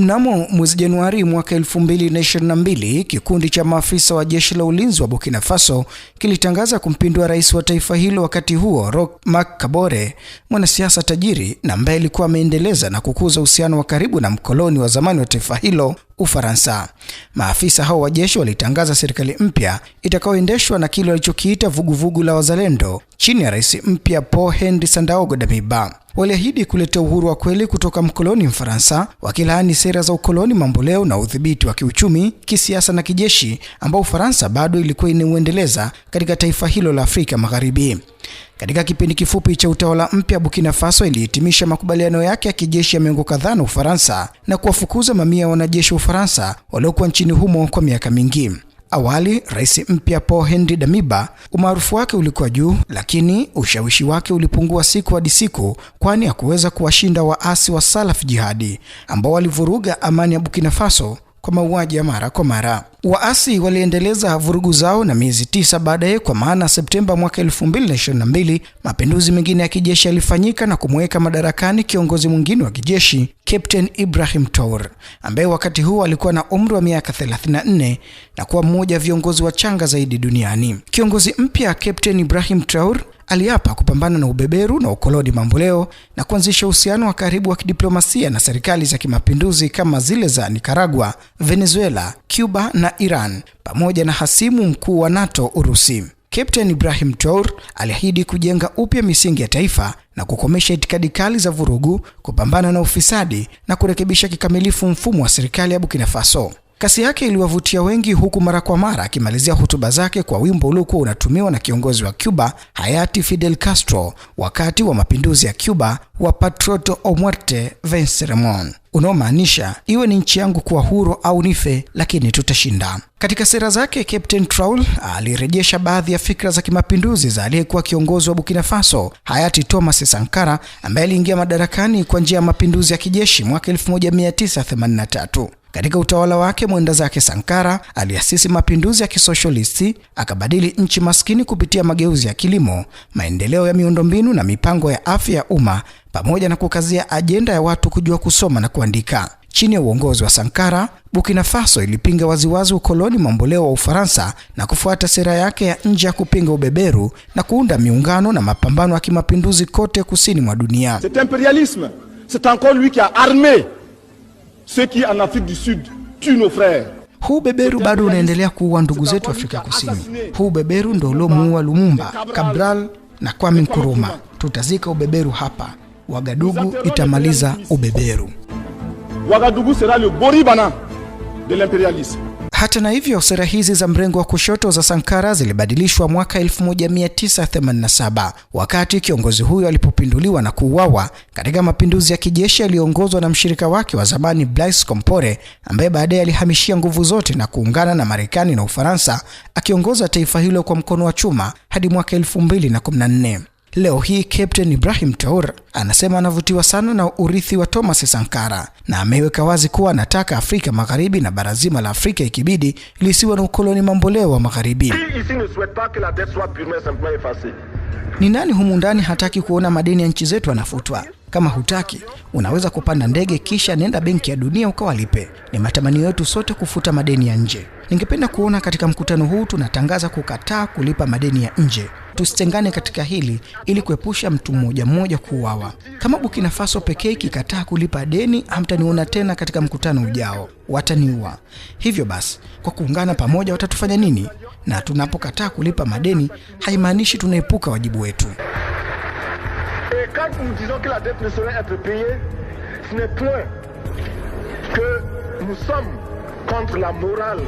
Mnamo mwezi Januari mwaka 2022, kikundi cha maafisa wa jeshi la ulinzi wa Burkina Faso kilitangaza kumpindua rais wa taifa hilo wakati huo Roch Marc Kabore, mwanasiasa tajiri na ambaye alikuwa ameendeleza na kukuza uhusiano wa karibu na mkoloni wa zamani wa taifa hilo Ufaransa. Maafisa hao wa jeshi walitangaza serikali mpya itakayoendeshwa na kile walichokiita vuguvugu la wazalendo chini ya rais mpya Paul Henri Sandaogo Damiba. Waliahidi kuleta uhuru wa kweli kutoka mkoloni Mfaransa, wakilaani sera za ukoloni mamboleo na udhibiti wa kiuchumi, kisiasa na kijeshi ambao Ufaransa bado ilikuwa inauendeleza katika taifa hilo la Afrika Magharibi. Katika kipindi kifupi cha utawala mpya, Burkina Faso ilihitimisha makubaliano yake ya kijeshi ya miongo kadhaa na Ufaransa na kuwafukuza mamia ya wanajeshi wa Ufaransa waliokuwa nchini humo kwa miaka mingi. Awali rais mpya Paul Henri Damiba umaarufu wake ulikuwa juu, lakini ushawishi wake ulipungua siku hadi siku, kwani hakuweza kuwashinda waasi wa Salaf Jihadi ambao walivuruga amani ya Burkina Faso kwa mauaji ya mara kwa mara. Waasi waliendeleza vurugu zao na miezi tisa baadaye, kwa maana Septemba mwaka 2022 mapinduzi mengine ya kijeshi yalifanyika na kumweka madarakani kiongozi mwingine wa kijeshi Captain Ibrahim tour ambaye wakati huo alikuwa na umri wa miaka 34 na kuwa mmoja wa viongozi wachanga zaidi duniani. Kiongozi mpya Captain Ibrahim tour aliapa kupambana na ubeberu na ukoloni mamboleo na kuanzisha uhusiano wa karibu wa kidiplomasia na serikali za kimapinduzi kama zile za Nicaragua, Venezuela, Cuba na na Iran pamoja na hasimu mkuu wa NATO Urusi. Captain Ibrahim tour aliahidi kujenga upya misingi ya taifa na kukomesha itikadi kali za vurugu, kupambana na ufisadi na kurekebisha kikamilifu mfumo wa serikali ya Burkina Faso. Kasi yake iliwavutia wengi, huku mara kwa mara akimalizia hotuba zake kwa wimbo uliokuwa unatumiwa na kiongozi wa Cuba hayati Fidel Castro wakati wa mapinduzi ya Cuba wa Patrioto o Muerte Venceremon unaomaanisha iwe ni nchi yangu kuwa huru au nife, lakini tutashinda. Katika sera zake, Captain Traore alirejesha baadhi ya fikra za kimapinduzi za aliyekuwa kiongozi wa Burkina Faso hayati Thomas Sankara ambaye aliingia madarakani kwa njia ya mapinduzi ya kijeshi mwaka 1983. Katika utawala wake mwenda zake Sankara aliasisi mapinduzi ya kisoshalisti, akabadili nchi maskini kupitia mageuzi ya kilimo, maendeleo ya miundombinu na mipango ya afya ya umma pamoja na kukazia ajenda ya watu kujua kusoma na kuandika. Chini ya uongozi wa Sankara, Burkina Faso ilipinga waziwazi ukoloni mamboleo wa Ufaransa na kufuata sera yake ya nje ya kupinga ubeberu na kuunda miungano na mapambano ya kimapinduzi kote kusini mwa dunia. Cet imperialisme, c'est encore lui qui a armé ceux qui en Afrique du Sud tuent nos frères. Huu beberu bado unaendelea kuua ndugu zetu Afrika Kusini. Huu beberu ndio uliomuua Lumumba, Cabral na Kwame Nkrumah. Tutazika ubeberu hapa. Wagadugu itamaliza ubeberu. Wagadugu sera le boribana de l'imperialisme. Hata na hivyo, sera hizi za mrengo wa kushoto za Sankara zilibadilishwa mwaka 1987 wakati kiongozi huyo alipopinduliwa na kuuawa katika mapinduzi ya kijeshi yaliyoongozwa na mshirika wake wa zamani Blaise Compaore, ambaye baadaye alihamishia nguvu zote na kuungana na Marekani na Ufaransa akiongoza taifa hilo kwa mkono wa chuma hadi mwaka 2014. Leo hii Captain Ibrahim Traore anasema anavutiwa sana na urithi wa Thomas Sankara na ameweka wazi kuwa anataka Afrika Magharibi na bara zima la Afrika ikibidi lisiwe na ukoloni mamboleo wa Magharibi. Ni nani humu ndani hataki kuona madini ya nchi zetu yanafutwa? Kama hutaki, unaweza kupanda ndege kisha nenda Benki ya Dunia ukawalipe. Ni matamanio yetu sote kufuta madeni ya nje. Ningependa kuona katika mkutano huu tunatangaza kukataa kulipa madeni ya nje. Tusitengane katika hili ili kuepusha mtu mmoja mmoja kuuawa. Kama Burkina Faso pekee ikikataa kulipa deni, hamtaniona tena katika mkutano ujao, wataniua. Hivyo basi, kwa kuungana pamoja watatufanya nini? Na tunapokataa kulipa madeni haimaanishi tunaepuka wajibu wetu. Quand nous disons que la dette ne saurait être payée, ce n'est point que nous sommes contre la morale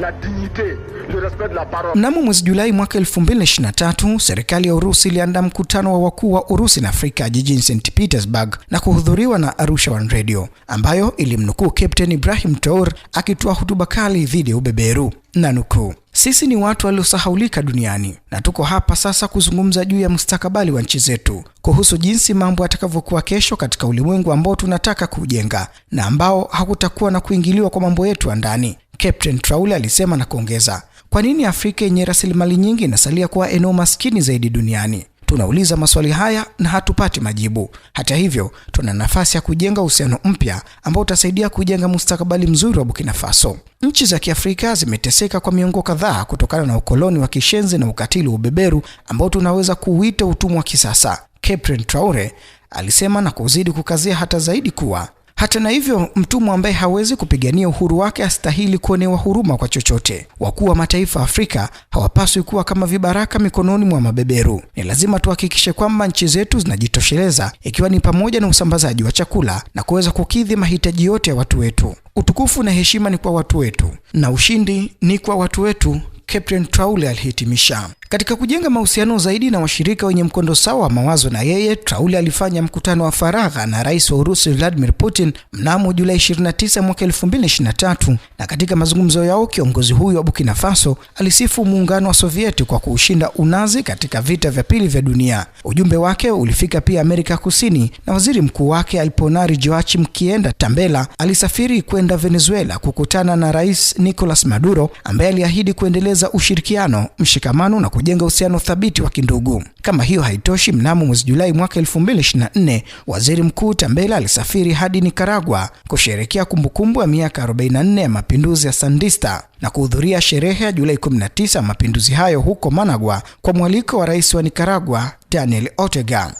la dignité, le respect de la parole. Mnamo mwezi Julai mwaka 2023, serikali ya Urusi iliandaa mkutano wa wakuu wa Urusi na Afrika jijini St Petersburg na kuhudhuriwa na Arusha One Radio ambayo ilimnukuu Captain Ibrahim Traore akitoa hotuba kali dhidi ya ubeberu na nukuu, sisi ni watu waliosahaulika duniani na tuko hapa sasa kuzungumza juu ya mustakabali wa nchi zetu, kuhusu jinsi mambo yatakavyokuwa kesho katika ulimwengu ambao tunataka kuujenga na ambao hakutakuwa na kuingiliwa kwa mambo yetu ya ndani. Captain Traule alisema na kuongeza, kwa nini Afrika yenye rasilimali nyingi inasalia kuwa eneo maskini zaidi duniani? Tunauliza maswali haya na hatupati majibu. Hata hivyo, tuna nafasi ya kujenga uhusiano mpya ambao utasaidia kujenga mustakabali mzuri wa Burkina Faso. Nchi za Kiafrika zimeteseka kwa miongo kadhaa kutokana na ukoloni wa kishenzi na ukatili wa ubeberu ambao tunaweza kuuita utumwa wa kisasa, Captain Traore alisema na kuzidi kukazia hata zaidi kuwa hata na hivyo, mtumwa ambaye hawezi kupigania uhuru wake astahili kuonewa huruma kwa chochote. Wakuu wa mataifa Afrika hawapaswi kuwa kama vibaraka mikononi mwa mabeberu. Ni lazima tuhakikishe kwamba nchi zetu zinajitosheleza, ikiwa ni pamoja na usambazaji wa chakula na kuweza kukidhi mahitaji yote ya watu wetu. Utukufu na heshima ni kwa watu wetu na ushindi ni kwa watu wetu, Captain traule alihitimisha. Katika kujenga mahusiano zaidi na washirika wenye mkondo sawa wa mawazo na yeye, Traule alifanya mkutano wa faragha na rais wa Urusi Vladimir Putin mnamo Julai 29 mwaka 2023, na katika mazungumzo yao kiongozi huyo wa Burkina Faso alisifu muungano wa Sovieti kwa kuushinda Unazi katika vita vya pili vya dunia. Ujumbe wake ulifika pia Amerika Kusini, na waziri mkuu wake Alponari Joachim Kienda Tambela alisafiri kwenda Venezuela kukutana na rais Nicolas Maduro ambaye aliahidi kuendeleza ushirikiano, mshikamano na kujenga uhusiano thabiti wa kindugu. Kama hiyo haitoshi, mnamo mwezi Julai mwaka 2024 waziri mkuu Tambela alisafiri hadi Nicaragua kusherehekea kumbukumbu ya miaka 44 ya mapinduzi ya Sandinista na kuhudhuria sherehe ya Julai 19 ya mapinduzi hayo huko Managua kwa mwaliko wa rais wa Nicaragua Daniel Ortega.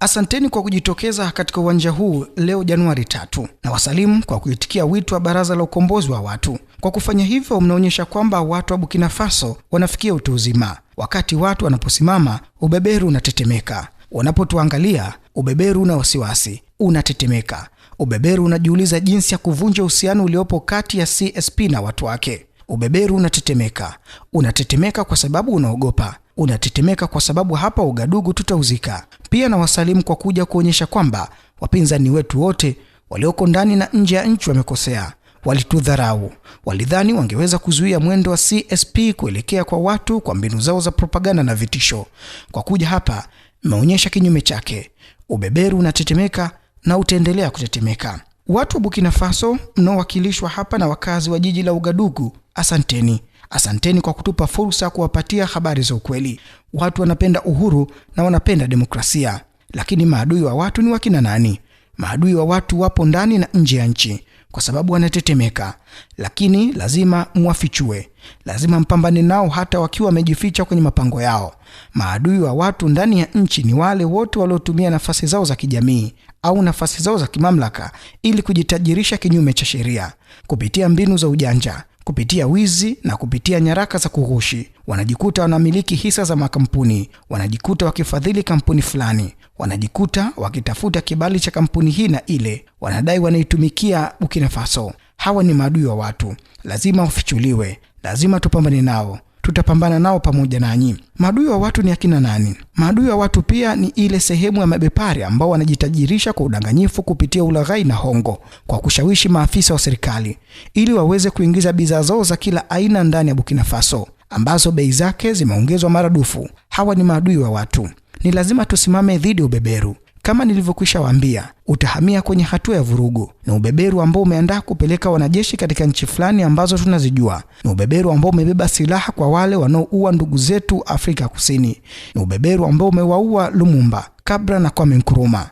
Asanteni kwa kujitokeza katika uwanja huu leo Januari tatu, na wasalimu kwa kuitikia wito wa Baraza la Ukombozi wa Watu kwa kufanya hivyo, mnaonyesha kwamba watu wa Burkina Faso wanafikia utu uzima. Wakati watu wanaposimama, ubeberu unatetemeka. Wanapotuangalia, ubeberu una wasiwasi, unatetemeka. Ubeberu unajiuliza jinsi ya kuvunja uhusiano uliopo kati ya CSP na watu wake. Ubeberu unatetemeka, unatetemeka kwa sababu unaogopa unatetemeka kwa sababu hapa ugadugu tutauzika. Pia na wasalimu kwa kuja kuonyesha kwamba wapinzani wetu wote walioko ndani na nje ya nchi wamekosea walitudharau. Walidhani wangeweza kuzuia mwendo wa CSP kuelekea kwa watu kwa mbinu zao za propaganda na vitisho. Kwa kuja hapa, mmeonyesha kinyume chake. Ubeberu unatetemeka na utaendelea kutetemeka. Watu wa Burkina Faso mnaowakilishwa hapa na wakazi wa jiji la Ugadugu, asanteni. Asanteni kwa kutupa fursa ya kuwapatia habari za ukweli. Watu wanapenda uhuru na wanapenda demokrasia, lakini maadui wa watu ni wakina nani? Maadui wa watu wapo ndani na nje ya nchi kwa sababu wanatetemeka, lakini lazima mwafichue, lazima mpambane nao hata wakiwa wamejificha kwenye mapango yao. Maadui wa watu ndani ya nchi ni wale wote waliotumia nafasi zao za kijamii au nafasi zao za kimamlaka ili kujitajirisha kinyume cha sheria kupitia mbinu za ujanja kupitia wizi na kupitia nyaraka za kughushi. Wanajikuta wanamiliki hisa za makampuni, wanajikuta wakifadhili kampuni fulani, wanajikuta wakitafuta kibali cha kampuni hii na ile, wanadai wanaitumikia Burkina Faso. Hawa ni maadui wa watu, lazima wafichuliwe, lazima tupambane nao tutapambana nao pamoja nanyi. Maadui wa watu ni akina nani? Maadui wa watu pia ni ile sehemu ya mabepari ambao wanajitajirisha kwa udanganyifu kupitia ulaghai na hongo, kwa kushawishi maafisa wa serikali ili waweze kuingiza bidhaa zao za kila aina ndani ya Burkina Faso ambazo bei zake zimeongezwa maradufu. Hawa ni maadui wa watu ni lazima tusimame dhidi ya ubeberu. Kama nilivyokwisha waambia, utahamia kwenye hatua ya vurugu. Ni ubeberu ambao umeandaa kupeleka wanajeshi katika nchi fulani ambazo tunazijua. Ni ubeberu ambao umebeba silaha kwa wale wanaoua ndugu zetu Afrika Kusini. Ni ubeberu ambao umewaua Lumumba, Kabra na Kwame Nkrumah.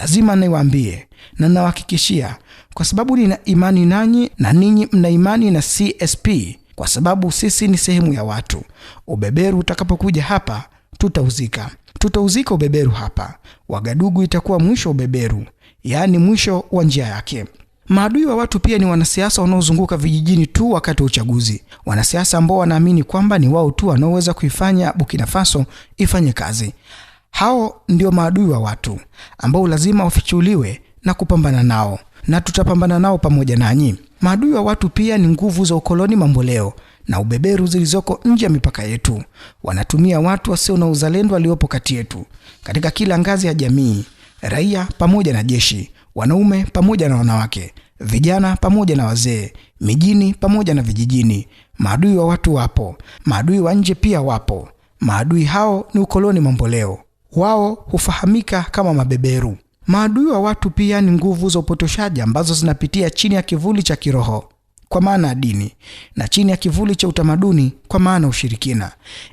Lazima niwaambie na nawahakikishia, kwa sababu nina imani nanyi na ninyi mna imani na CSP, kwa sababu sisi ni sehemu ya watu. Ubeberu utakapokuja hapa tutauzika tutauzika ubeberu hapa. Wagadugu itakuwa mwisho wa ubeberu, yaani mwisho wa njia yake. Maadui wa watu pia ni wanasiasa wanaozunguka vijijini tu wakati wa uchaguzi, wanasiasa ambao wanaamini kwamba ni wao tu wanaoweza kuifanya Burkina Faso ifanye kazi. Hao ndio maadui wa watu ambao lazima wafichuliwe na kupambana nao, na tutapambana nao pamoja nanyi. Maadui wa watu pia ni nguvu za ukoloni mamboleo na ubeberu zilizoko nje ya mipaka yetu. Wanatumia watu wasio na uzalendo waliopo kati yetu katika kila ngazi ya jamii, raia pamoja na jeshi, wanaume pamoja na wanawake, vijana pamoja na wazee, mijini pamoja na vijijini. Maadui wa watu wapo, maadui wa nje pia wapo. Maadui hao ni ukoloni mamboleo, wao hufahamika kama mabeberu. Maadui wa watu pia ni nguvu za upotoshaji ambazo zinapitia chini ya kivuli cha kiroho kwa maana ya dini, na chini ya kivuli cha utamaduni kwa maana ushirikina,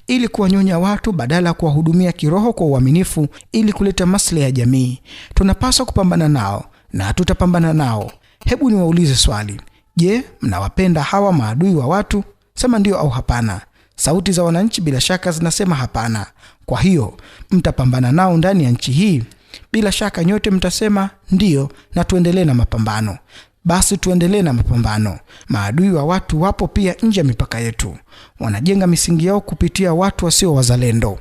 ili kuwanyonya watu badala ya kuwahudumia kiroho kwa uaminifu, ili kuleta maslahi ya jamii. Tunapaswa kupambana nao na tutapambana nao. Hebu niwaulize swali: je, mnawapenda hawa maadui wa watu? Sema ndio au hapana. Sauti za wananchi bila shaka zinasema hapana. Kwa hiyo mtapambana nao ndani ya nchi hii? Bila shaka nyote mtasema ndiyo, na tuendelee na mapambano basi tuendelee na mapambano. Maadui wa watu wapo pia nje ya mipaka yetu, wanajenga misingi yao kupitia watu wasio wazalendo.